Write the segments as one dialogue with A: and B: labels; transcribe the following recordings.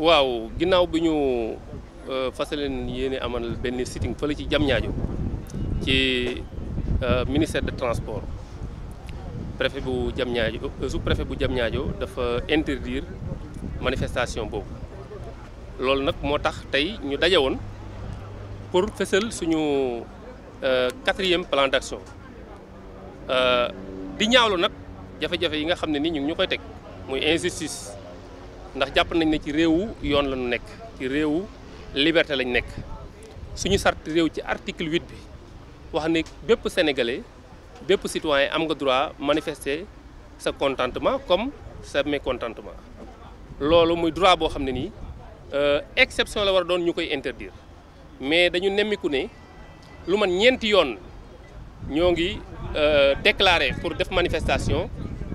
A: waaw ginnaaw bi ñu euh, fas leen yéene amal benn sitting fële ci Diamniadio ci euh, ministère de transport préfet bu Diamniadio euh, sous-préfet bu jam ñaajo dafa interdire manifestation boobu loolu nag moo tax tey ñu daje woon pour fësal suñu quatrième plan d'action di ñaawlu nag jafe-jafe yi nga xam ne ni ñu ñu koy teg muy injustice ndax jàpp nañ ne ci réewu yoon lañu nekk ci réewu liberté lañ nekk suñu sart réew ci article 8 bi wax ne bépp sénégalais bépp citoyen am nga droit manifester sa contentement comme sa mécontentement loolu muy droit boo xam ne nii euh, exception la war a doon ñu koy interdire mais dañu nemmiku ne lu man ñeenti yoon ñoo ngi euh, déclarer pour def manifestation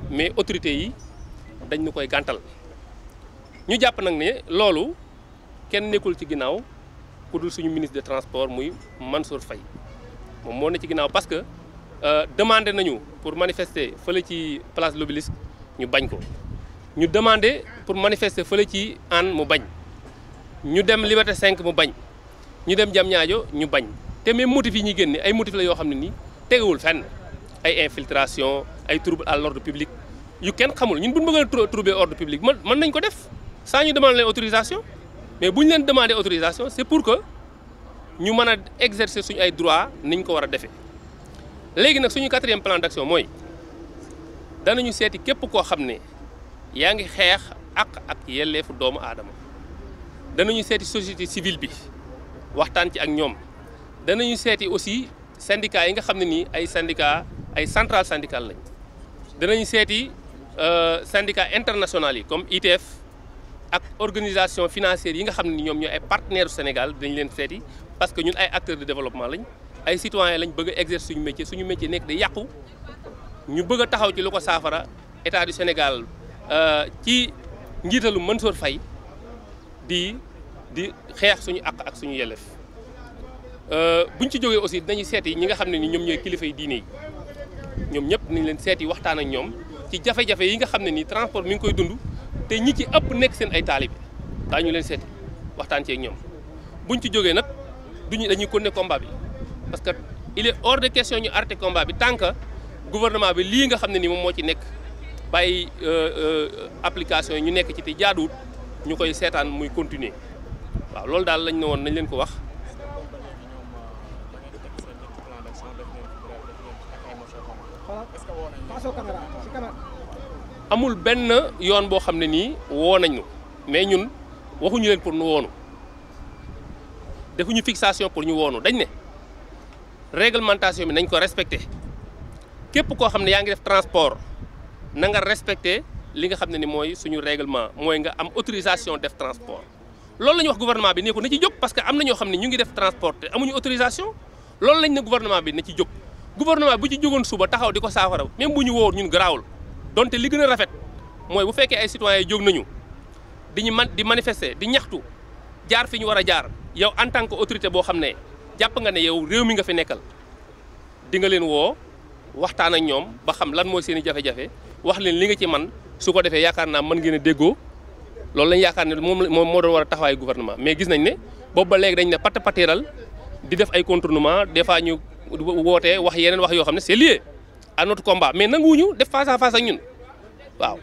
A: mais autorités yi dañ ñu koy gàntal ñu jàpp nag ne loolu kenn nekkul ci ginnaaw ku dul suñu ministre de transport muy Mansour Faye moom moo ne ci ginnaaw parce que euh, demandé nañu pour manifester fële ci place de l'Obélisque ñu bañ ko ñu demandé pour manifester fële ci Hann mu bañ ñu dem Liberté 5 mu bañ ñu dem Diamniadio ñu bañ te même motifs yi ñuy génne ay motifs la yoo xam ne nii tegewul fenn ay infiltration ay trouble à l'ordre public yu kenn xamul ñu bu ñu bëggoon trouble ordre public mën nañ ko def. sans ñu demander autorisation mais bu ñu leen demander autorisation c'est pour que ñu mën a exercer suñu ay droit ni ko war a defee léegi nag suñu quatrième plan d'action mooy danañu seeti képp koo xam ne yaa ngi xeex ak ak yelleefu doomu aadama danañu seeti société civile bi waxtaan ci ak ñoom danañu seeti aussi syndicats yi nga xam ne nii ay syndicats ay centrales syndicales lañ danañu seeti euh, syndicats internationales yi comme ITF. ak organisation financière yi nga xam ne ñoom ñoo ay partenaires du Sénégal dañ leen seeti parce que ñun ay acteurs de développement lañ ay citoyens lañ bëgg a exercer suñu métier suñu métier nekk day yàqu ñu bëgg a taxaw ci lu ko saafara état du Sénégal euh, ci njiitalu Mansour Faye di di xeex suñu àq ak suñu yelleef euh, buñ ci jógee aussi dinañu seeti ñi nga xam ne ni ñoom ñooy kilifa yi diine yi ñoom ñëpp nañ leen seeti waxtaan ak ñoom ci jafe-jafe yi nga xam ne ni transport mi ngi koy dund. te ñi ci ëpp nekk seen ay taalibe daañu leen seeti waxtaan cee ñoom bu buñ ci jógee nag duñu dañuy continuer combat bi parce que il est hors de question ñu arrêté combat bi tant que gouvernement bi lii nga xam ne ni moom moo ci nekk bàyyi euh, euh, application yi ñu nekk ci te jaaduwut ñu koy seetaan muy continuer waaw loolu daal lañ ne woon nañ leen ko wax. amul benn yoon boo xam ne nii woo nañu mais ñun waxuñu leen pour ñu woonu defuñu fixation pour ñu woonu dañ ne réglementation bi nañ ko respecté képp koo xam ne yaa ngi def transport na nga respecté li nga xam ne ni mooy suñu règlement mooy nga am autorisation def transport. loolu la ñu wax gouvernement bi ne ko na ci jóg parce que am na ñoo xam ne ñu ngi def transport te amuñu autorisation loolu lañ ne gouvernement bi na ci jóg gouvernement bu ci jógoon suba taxaw di ko saafara même bu ñu woo ñun garaawul. donte li gën a rafet mooy bu fekkee ay citoyens jóg nañu di ñu di manifester di ñaxtu jaar fi ñu war a jaar yow en tant que autorité boo xam ne jàpp nga ne yow réew mi nga fi nekkal di nga leen woo waxtaan ak ñoom ba xam lan mooy seen i jafe-jafe wax leen li nga ci man su ko defee yaakaar naa mën ngeen a déggoo loolu lañ yaakaar ne moom moom moo doon war a taxawaayu gouvernement mais gis nañ ne boobu ba dañ ne patt patteeral di def ay contournement des fois ñu wootee wax yeneen wax yoo xam ne c'est lié à notre combat mais nanguwuñu def face à face ak ñun waaw.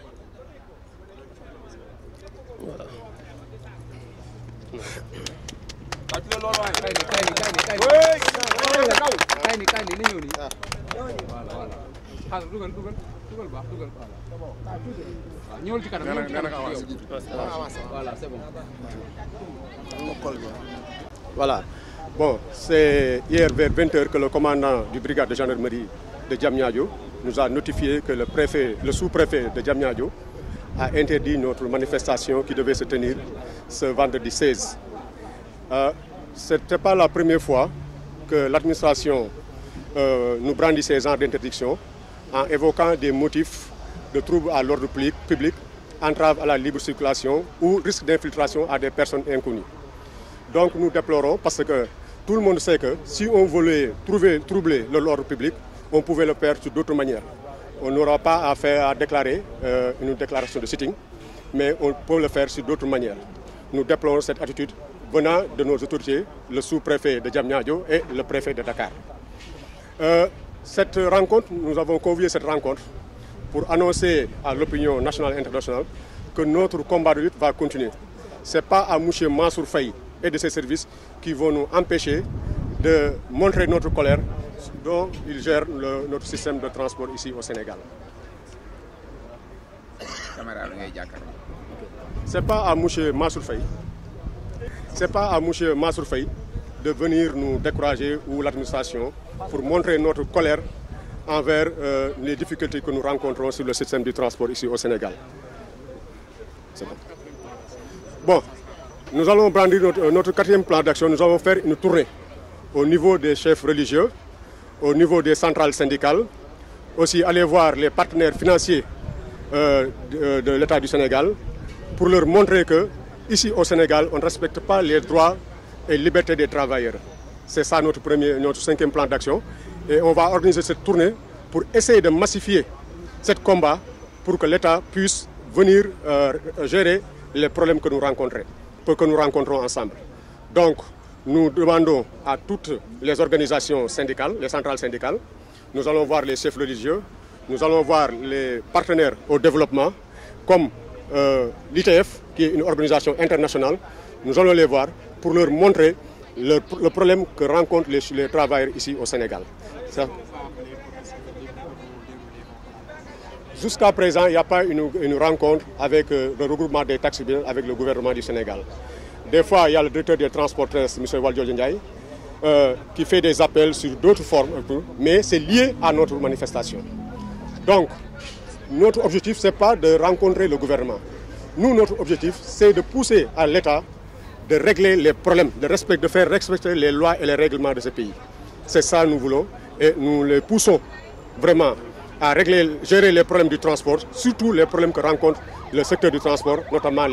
B: Voilà. Bon, c'est hier vers 20h que le commandant du brigade de gendarmerie de Diamniadio nous a notifié que le préfet, le sous-préfet de Diamniadio a interdit notre manifestation qui devait se tenir ce vendredi 16. Euh, ce pas la première fois que l'administration euh, nous brandit ces genres d'interdiction en évoquant des motifs de troubles à l'ordre public, entrave à la libre circulation ou risque d'infiltration à des personnes inconnues. Donc nous déplorons parce que tout le monde sait que si on voulait trouver, troubler l'ordre public, on pouvait le faire sur d'autres manières. On n'aura pas à faire à déclarer euh, une déclaration de sitting, mais on peut le faire sur d'autres manières. Nous déplorons cette attitude venant de nos autorités, le sous-préfet de Diamniadio et le préfet de Dakar. Euh, cette rencontre, nous avons convié cette rencontre pour annoncer à l'opinion nationale et internationale que notre combat de lutte va continuer. Ce n'est pas à M. Mansour Faye et de ses services qui vont nous dont il gère le, notre système de transport ici au Sénégal. C'est pas à monsieur Mansour Faye. C'est pas monsieur Mansour Faye de venir nous décourager ou l'administration pour montrer notre colère envers euh, les difficultés que nous rencontrons sur le système du transport ici au Sénégal. C'est bon. Bon, nous allons brandir notre, euh, notre quatrième plan d'action. Nous allons faire une tournée au niveau des chefs religieux au niveau des centrales syndicales, aussi aller voir les partenaires financiers euh, de, euh, de l'État du Sénégal pour leur montrer que ici au Sénégal, on ne respecte pas les droits et libertés des travailleurs. C'est ça notre premier, notre cinquième plan d'action. Et on va organiser cette tournée pour essayer de massifier ce combat pour que l'État puisse venir euh, gérer les problèmes que nous rencontrons, que nous rencontrons ensemble. Nous demandons à toutes les organisations syndicales, les centrales syndicales, nous allons voir les chefs religieux, nous allons voir les partenaires au développement, comme euh, l'ITF, qui est une organisation internationale, nous allons les voir pour leur montrer le, le problème que rencontrent les, les, travailleurs ici au Sénégal. Jusqu'à présent, il n'y a pas une, rencontre avec euh, le regroupement des taxes avec le gouvernement du Sénégal. Des fois, il y a le directeur des transports terrestres, M. Waldio Ndiaye, euh, qui fait des appels sur d'autres formes, mais c'est lié à notre manifestation. Donc, notre objectif, ce n'est de rencontrer le gouvernement. Nous, notre objectif, c'est de pousser à l'État de régler les problèmes, de, respect, de les lois les règlements de ce pays. C'est ça nous voulons et nous les poussons vraiment à régler, gérer les problèmes du transport, surtout les problèmes que rencontre le secteur du transport, notamment